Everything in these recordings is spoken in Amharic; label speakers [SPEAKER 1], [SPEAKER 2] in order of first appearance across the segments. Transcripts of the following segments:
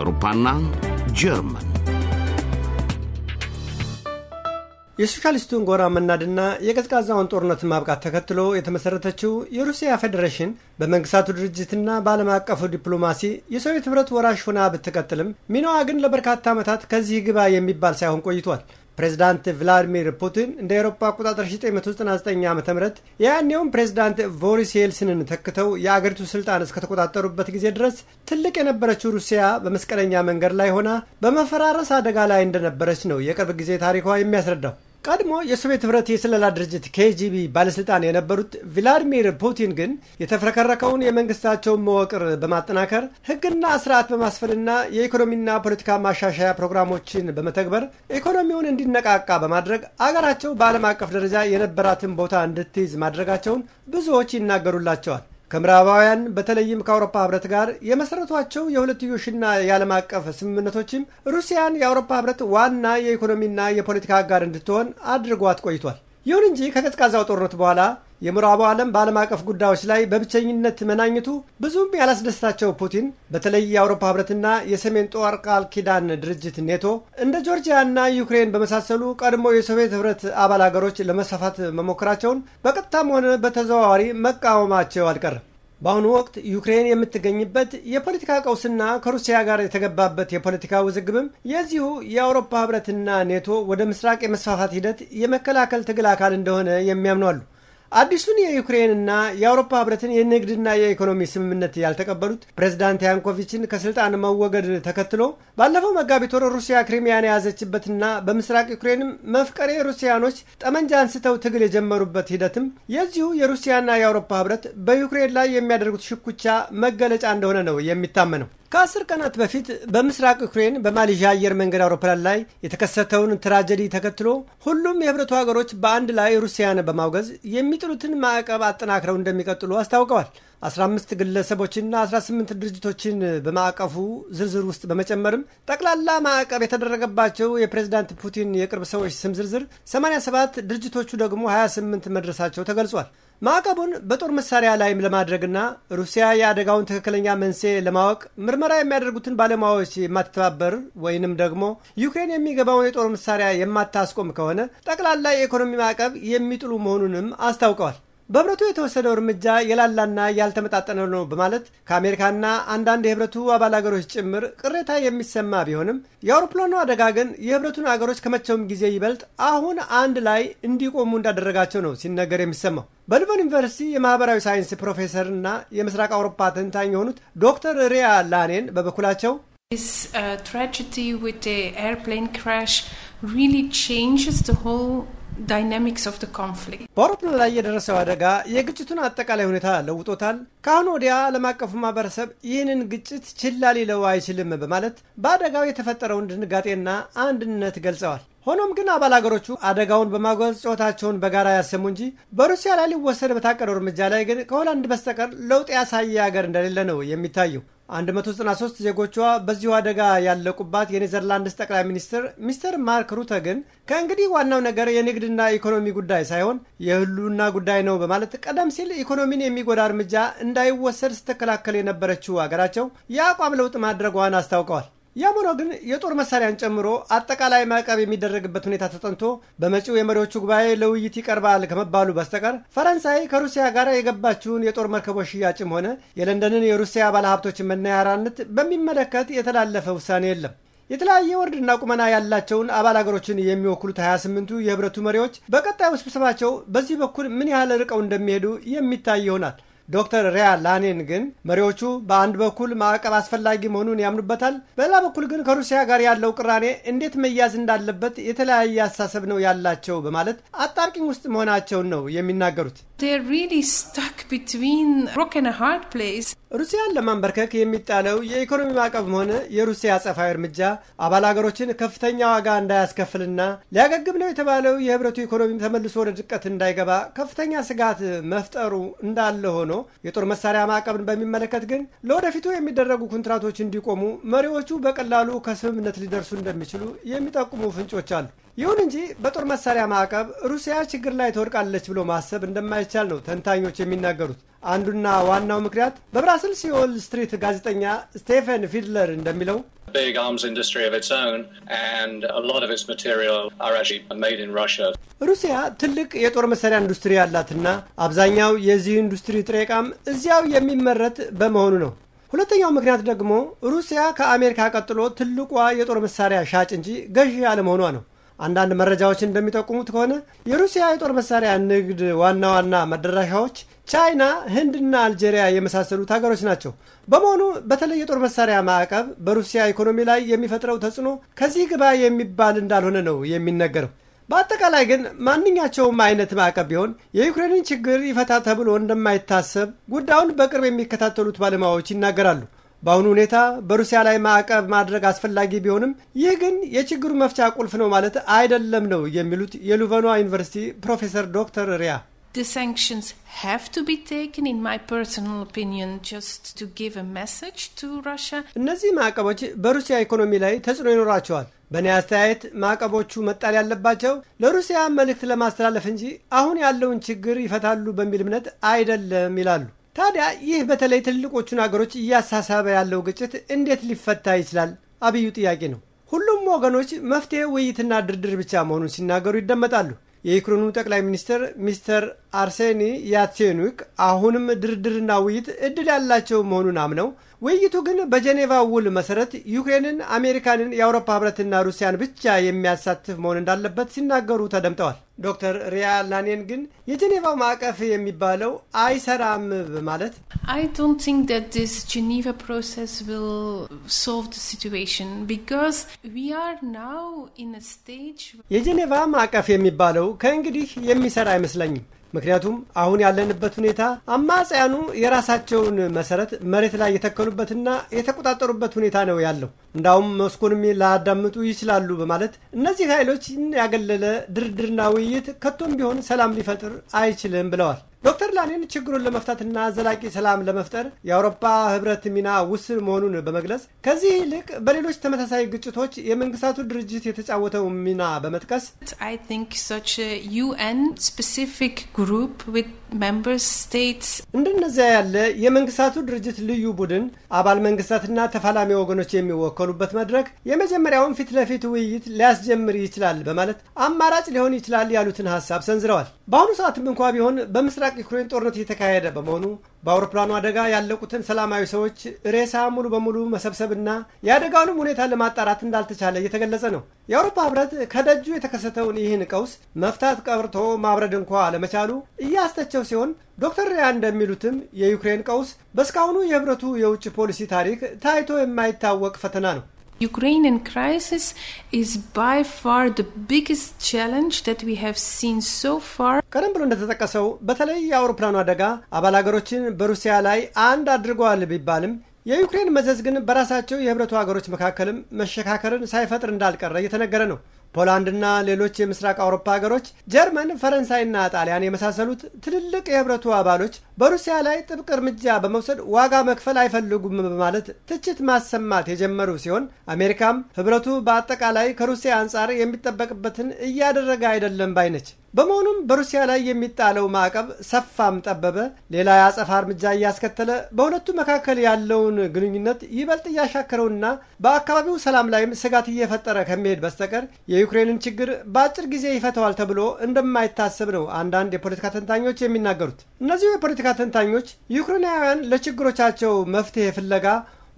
[SPEAKER 1] አውሮፓና ጀርመን የሶሻሊስቱን ጎራ መናድና የቀዝቃዛውን ጦርነት ማብቃት ተከትሎ የተመሠረተችው የሩሲያ ፌዴሬሽን በመንግስታቱ ድርጅትና በዓለም አቀፉ ዲፕሎማሲ የሶቪየት ኅብረት ወራሽ ሆና ብትቀጥልም ሚናዋ ግን ለበርካታ ዓመታት ከዚህ ግባ የሚባል ሳይሆን ቆይቷል። ፕሬዚዳንት ቭላዲሚር ፑቲን እንደ ኤሮፓ አቆጣጠር 1999 ዓ ም ያኔውም ፕሬዚዳንት ቦሪስ የልሲንን ተክተው የአገሪቱ ስልጣን እስከተቆጣጠሩበት ጊዜ ድረስ ትልቅ የነበረችው ሩሲያ በመስቀለኛ መንገድ ላይ ሆና በመፈራረስ አደጋ ላይ እንደነበረች ነው የቅርብ ጊዜ ታሪኳ የሚያስረዳው። ቀድሞ የሶቪየት ህብረት የስለላ ድርጅት ኬጂቢ ባለስልጣን የነበሩት ቪላዲሚር ፑቲን ግን የተፍረከረከውን የመንግስታቸውን መወቅር በማጠናከር ህግና ስርዓት በማስፈንና የኢኮኖሚና ፖለቲካ ማሻሻያ ፕሮግራሞችን በመተግበር ኢኮኖሚውን እንዲነቃቃ በማድረግ አገራቸው በዓለም አቀፍ ደረጃ የነበራትን ቦታ እንድትይዝ ማድረጋቸውን ብዙዎች ይናገሩላቸዋል። ከምዕራባውያን በተለይም ከአውሮፓ ህብረት ጋር የመሰረቷቸው የሁለትዮሽና የዓለም አቀፍ ስምምነቶችም ሩሲያን የአውሮፓ ህብረት ዋና የኢኮኖሚና የፖለቲካ አጋር እንድትሆን አድርጓት ቆይቷል። ይሁን እንጂ ከቀዝቃዛው ጦርነት በኋላ የምዕራቡ ዓለም በዓለም አቀፍ ጉዳዮች ላይ በብቸኝነት መናኘቱ ብዙም ያላስደስታቸው ፑቲን በተለይ የአውሮፓ ህብረትና የሰሜን ጦር ቃል ኪዳን ድርጅት ኔቶ እንደ ጆርጂያና ዩክሬን በመሳሰሉ ቀድሞ የሶቪየት ህብረት አባል አገሮች ለመስፋፋት መሞከራቸውን በቀጥታም ሆነ በተዘዋዋሪ መቃወማቸው አልቀርም። በአሁኑ ወቅት ዩክሬን የምትገኝበት የፖለቲካ ቀውስና ከሩሲያ ጋር የተገባበት የፖለቲካ ውዝግብም የዚሁ የአውሮፓ ህብረትና ኔቶ ወደ ምስራቅ የመስፋፋት ሂደት የመከላከል ትግል አካል እንደሆነ የሚያምኑ አሉ። አዲሱን የዩክሬንና የአውሮፓ ህብረትን የንግድና የኢኮኖሚ ስምምነት ያልተቀበሉት ፕሬዝዳንት ያንኮቪችን ከስልጣን መወገድ ተከትሎ ባለፈው መጋቢት ወር ሩሲያ ክሪሚያን የያዘችበትና በምስራቅ ዩክሬንም መፍቀሬ ሩሲያኖች ጠመንጃ አንስተው ትግል የጀመሩበት ሂደትም የዚሁ የሩሲያና የአውሮፓ ህብረት በዩክሬን ላይ የሚያደርጉት ሽኩቻ መገለጫ እንደሆነ ነው የሚታመነው። ከአስር ቀናት በፊት በምስራቅ ዩክሬን በማሌዥያ አየር መንገድ አውሮፕላን ላይ የተከሰተውን ትራጀዲ ተከትሎ ሁሉም የህብረቱ ሀገሮች በአንድ ላይ ሩሲያን በማውገዝ የሚጥሉትን ማዕቀብ አጠናክረው እንደሚቀጥሉ አስታውቀዋል። 15 ግለሰቦችና 18 ድርጅቶችን በማዕቀፉ ዝርዝር ውስጥ በመጨመርም ጠቅላላ ማዕቀብ የተደረገባቸው የፕሬዝዳንት ፑቲን የቅርብ ሰዎች ስም ዝርዝር 87፣ ድርጅቶቹ ደግሞ 28 መድረሳቸው ተገልጿል። ማዕቀቡን በጦር መሳሪያ ላይም ለማድረግና ሩሲያ የአደጋውን ትክክለኛ መንስኤ ለማወቅ ምርመራ የሚያደርጉትን ባለሙያዎች የማትተባበር ወይንም ደግሞ ዩክሬን የሚገባውን የጦር መሳሪያ የማታስቆም ከሆነ ጠቅላላ የኢኮኖሚ ማዕቀብ የሚጥሉ መሆኑንም አስታውቀዋል። በህብረቱ የተወሰደው እርምጃ የላላና ያልተመጣጠነ ነው በማለት ከአሜሪካና አንዳንድ የህብረቱ አባል አገሮች ጭምር ቅሬታ የሚሰማ ቢሆንም የአውሮፕላኑ አደጋ ግን የህብረቱን አገሮች ከመቼውም ጊዜ ይበልጥ አሁን አንድ ላይ እንዲቆሙ እንዳደረጋቸው ነው ሲነገር የሚሰማው። በልቨን ዩኒቨርሲቲ የማህበራዊ ሳይንስ ፕሮፌሰርና የምስራቅ አውሮፓ ተንታኝ የሆኑት ዶክተር ሪያ ላኔን በበኩላቸው
[SPEAKER 2] ትራጀዲ ዊዝ ኤርፕሌን ክራሽ ሪሊ ቼንጅስ ሆል ዳይናሚክስ ኦፍ ኮንፍሊክት
[SPEAKER 1] በአውሮፕላን ላይ የደረሰው አደጋ የግጭቱን አጠቃላይ ሁኔታ ለውጦታል። ከአሁን ወዲያ ዓለም አቀፉ ማህበረሰብ ይህንን ግጭት ችላ ሊለው አይችልም በማለት በአደጋው የተፈጠረውን ድንጋጤና አንድነት ገልጸዋል። ሆኖም ግን አባል አገሮቹ አደጋውን በማጓዝ ጨዋታቸውን በጋራ ያሰሙ እንጂ በሩሲያ ላይ ሊወሰድ በታቀደው እርምጃ ላይ ግን ከሆላንድ በስተቀር ለውጥ ያሳየ ሀገር እንደሌለ ነው የሚታየው። 193 ዜጎቿ በዚሁ አደጋ ያለቁባት የኔዘርላንድስ ጠቅላይ ሚኒስትር ሚስተር ማርክ ሩተ ግን ከእንግዲህ ዋናው ነገር የንግድና ኢኮኖሚ ጉዳይ ሳይሆን የህሉና ጉዳይ ነው በማለት ቀደም ሲል ኢኮኖሚን የሚጎዳ እርምጃ እንዳይወሰድ ስትከላከል የነበረችው ሀገራቸው የአቋም ለውጥ ማድረጓን አስታውቀዋል። ያም ሆኖ ግን የጦር መሳሪያን ጨምሮ አጠቃላይ ማዕቀብ የሚደረግበት ሁኔታ ተጠንቶ በመጪው የመሪዎቹ ጉባኤ ለውይይት ይቀርባል ከመባሉ በስተቀር ፈረንሳይ ከሩሲያ ጋር የገባችውን የጦር መርከቦች ሽያጭም ሆነ የለንደንን የሩሲያ ባለሀብቶች መናያራነት በሚመለከት የተላለፈ ውሳኔ የለም። የተለያየ ወርድና ቁመና ያላቸውን አባል አገሮችን የሚወክሉት 28ቱ የህብረቱ መሪዎች በቀጣዩ ስብሰባቸው በዚህ በኩል ምን ያህል ርቀው እንደሚሄዱ የሚታይ ይሆናል። ዶክተር ሪያ ላኔን ግን መሪዎቹ በአንድ በኩል ማዕቀብ አስፈላጊ መሆኑን ያምኑበታል፣ በሌላ በኩል ግን ከሩሲያ ጋር ያለው ቅራኔ እንዴት መያዝ እንዳለበት የተለያየ አስተሳሰብ ነው ያላቸው በማለት አጣርቂኝ ውስጥ መሆናቸውን ነው የሚናገሩት። ሩሲያን ለማንበርከክ የሚጣለው የኢኮኖሚ ማዕቀብም ሆነ የሩሲያ አጸፋዊ እርምጃ አባል አገሮችን ከፍተኛ ዋጋ እንዳያስከፍልና ሊያገግም ነው የተባለው የህብረቱ ኢኮኖሚ ተመልሶ ወደ ድቀት እንዳይገባ ከፍተኛ ስጋት መፍጠሩ እንዳለ ሆኖ የጦር መሳሪያ ማዕቀብን በሚመለከት ግን ለወደፊቱ የሚደረጉ ኮንትራቶች እንዲቆሙ መሪዎቹ በቀላሉ ከስምምነት ሊደርሱ እንደሚችሉ የሚጠቁሙ ፍንጮች አሉ። ይሁን እንጂ በጦር መሳሪያ ማዕቀብ ሩሲያ ችግር ላይ ትወድቃለች ብሎ ማሰብ እንደማይቻል ነው ተንታኞች የሚናገሩት። አንዱና ዋናው ምክንያት በብራስልስ የዎል ስትሪት ጋዜጠኛ ስቴፈን ፊድለር እንደሚለው ሩሲያ ትልቅ የጦር መሳሪያ ኢንዱስትሪ ያላትና አብዛኛው የዚህ ኢንዱስትሪ ጥሬ ዕቃም እዚያው የሚመረት በመሆኑ ነው። ሁለተኛው ምክንያት ደግሞ ሩሲያ ከአሜሪካ ቀጥሎ ትልቋ የጦር መሳሪያ ሻጭ እንጂ ገዢ አለመሆኗ ነው። አንዳንድ መረጃዎች እንደሚጠቁሙት ከሆነ የሩሲያ የጦር መሳሪያ ንግድ ዋና ዋና መደራሻዎች ቻይና፣ ህንድና አልጄሪያ የመሳሰሉት ሀገሮች ናቸው። በመሆኑ በተለይ የጦር መሳሪያ ማዕቀብ በሩሲያ ኢኮኖሚ ላይ የሚፈጥረው ተጽዕኖ ከዚህ ግባ የሚባል እንዳልሆነ ነው የሚነገረው። በአጠቃላይ ግን ማንኛቸውም አይነት ማዕቀብ ቢሆን የዩክሬንን ችግር ይፈታ ተብሎ እንደማይታሰብ ጉዳዩን በቅርብ የሚከታተሉት ባለሙያዎች ይናገራሉ። በአሁኑ ሁኔታ በሩሲያ ላይ ማዕቀብ ማድረግ አስፈላጊ ቢሆንም ይህ ግን የችግሩ መፍቻ ቁልፍ ነው ማለት አይደለም ነው የሚሉት የሉቨኗ ዩኒቨርሲቲ ፕሮፌሰር ዶክተር ሪያ
[SPEAKER 2] The sanctions have to be taken, in my personal opinion, just to give a message to Russia.
[SPEAKER 1] እነዚህ ማዕቀቦች በሩሲያ ኢኮኖሚ ላይ ተጽዕኖ ይኖራቸዋል። በእኔ አስተያየት ማዕቀቦቹ መጣል ያለባቸው ለሩሲያ መልእክት ለማስተላለፍ እንጂ አሁን ያለውን ችግር ይፈታሉ በሚል እምነት አይደለም ይላሉ። ታዲያ ይህ በተለይ ትልልቆቹን አገሮች እያሳሳበ ያለው ግጭት እንዴት ሊፈታ ይችላል? አብዩ ጥያቄ ነው። ሁሉም ወገኖች መፍትሄ ውይይትና ድርድር ብቻ መሆኑን ሲናገሩ ይደመጣሉ። የዩክሬኑ ጠቅላይ ሚኒስትር ሚስተር አርሴኒ ያትሴኑክ አሁንም ድርድርና ውይይት እድል ያላቸው መሆኑን አምነው ውይይቱ ግን በጀኔቫ ውል መሰረት ዩክሬንን፣ አሜሪካንን፣ የአውሮፓ ህብረትና ሩሲያን ብቻ የሚያሳትፍ መሆን እንዳለበት ሲናገሩ ተደምጠዋል። ዶክተር ሪያ ላኔን ግን የጀኔቫው ማዕቀፍ የሚባለው አይሰራም በማለት የጀኔቫ ማዕቀፍ የሚባለው ከእንግዲህ የሚሰራ አይመስለኝም ምክንያቱም አሁን ያለንበት ሁኔታ አማጽያኑ የራሳቸውን መሰረት መሬት ላይ የተከሉበትና የተቆጣጠሩበት ሁኔታ ነው ያለው። እንዳውም ሞስኮንም ላያዳምጡ ይችላሉ በማለት እነዚህ ኃይሎችን ያገለለ ድርድርና ውይይት ከቶም ቢሆን ሰላም ሊፈጥር አይችልም ብለዋል። ዶክተር ላኔን ችግሩን ለመፍታትና ዘላቂ ሰላም ለመፍጠር የአውሮፓ ህብረት ሚና ውስን መሆኑን በመግለጽ ከዚህ ይልቅ በሌሎች ተመሳሳይ ግጭቶች የመንግስታቱ ድርጅት የተጫወተው ሚና በመጥቀስ እንደነዚያ ያለ የመንግስታቱ ድርጅት ልዩ ቡድን አባል መንግስታትና ተፋላሚ ወገኖች የሚወከሉበት መድረክ የመጀመሪያውን ፊት ለፊት ውይይት ሊያስጀምር ይችላል በማለት አማራጭ ሊሆን ይችላል ያሉትን ሀሳብ ሰንዝረዋል። በአሁኑ ሰዓትም እንኳ ቢሆን በምስራቅ ዩክሬን ጦርነት እየተካሄደ በመሆኑ በአውሮፕላኑ አደጋ ያለቁትን ሰላማዊ ሰዎች ሬሳ ሙሉ በሙሉ መሰብሰብና የአደጋውንም ሁኔታ ለማጣራት እንዳልተቻለ እየተገለጸ ነው። የአውሮፓ ሕብረት ከደጁ የተከሰተውን ይህን ቀውስ መፍታት ቀርቶ ማብረድ እንኳ አለመቻሉ እያስተቸው ሲሆን ዶክተር ሪያ እንደሚሉትም የዩክሬን ቀውስ በእስካሁኑ የሕብረቱ የውጭ ፖሊሲ ታሪክ ታይቶ የማይታወቅ ፈተና ነው።
[SPEAKER 2] Ukrainian crisis is by far the biggest challenge that we have seen
[SPEAKER 1] so far። ቀደም ብሎ እንደተጠቀሰው በተለይ የአውሮፕላኑ አደጋ አባል ሀገሮችን በሩሲያ ላይ አንድ አድርገዋል ቢባልም የዩክሬን መዘዝ ግን በራሳቸው የህብረቱ ሀገሮች መካከልም መሸካከርን ሳይፈጥር እንዳልቀረ እየተነገረ ነው። ፖላንድና ሌሎች የምስራቅ አውሮፓ ሀገሮች፣ ጀርመን፣ ፈረንሳይና ጣሊያን የመሳሰሉት ትልልቅ የህብረቱ አባሎች በሩሲያ ላይ ጥብቅ እርምጃ በመውሰድ ዋጋ መክፈል አይፈልጉም በማለት ትችት ማሰማት የጀመሩ ሲሆን አሜሪካም ህብረቱ በአጠቃላይ ከሩሲያ አንጻር የሚጠበቅበትን እያደረገ አይደለም ባይነች። በመሆኑም በሩሲያ ላይ የሚጣለው ማዕቀብ ሰፋም ጠበበ ሌላ የአጸፋ እርምጃ እያስከተለ በሁለቱ መካከል ያለውን ግንኙነት ይበልጥ እያሻከረውና በአካባቢው ሰላም ላይም ስጋት እየፈጠረ ከሚሄድ በስተቀር የዩክሬንን ችግር በአጭር ጊዜ ይፈተዋል ተብሎ እንደማይታሰብ ነው አንዳንድ የፖለቲካ ተንታኞች የሚናገሩት። እነዚሁ የፖለቲካ ተንታኞች ዩክሬናውያን ለችግሮቻቸው መፍትሄ ፍለጋ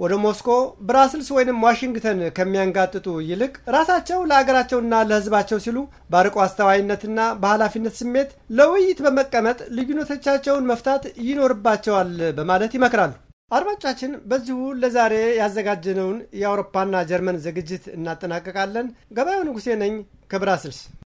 [SPEAKER 1] ወደ ሞስኮ፣ ብራስልስ ወይንም ዋሽንግተን ከሚያንጋጥጡ ይልቅ ራሳቸው ለሀገራቸውና ለሕዝባቸው ሲሉ በአርቆ አስተዋይነትና በኃላፊነት ስሜት ለውይይት በመቀመጥ ልዩነቶቻቸውን መፍታት ይኖርባቸዋል በማለት ይመክራሉ። አድማጮቻችን፣ በዚሁ ለዛሬ ያዘጋጀነውን የአውሮፓና ጀርመን ዝግጅት እናጠናቀቃለን። ገበያው ንጉሴ ነኝ ከብራስልስ።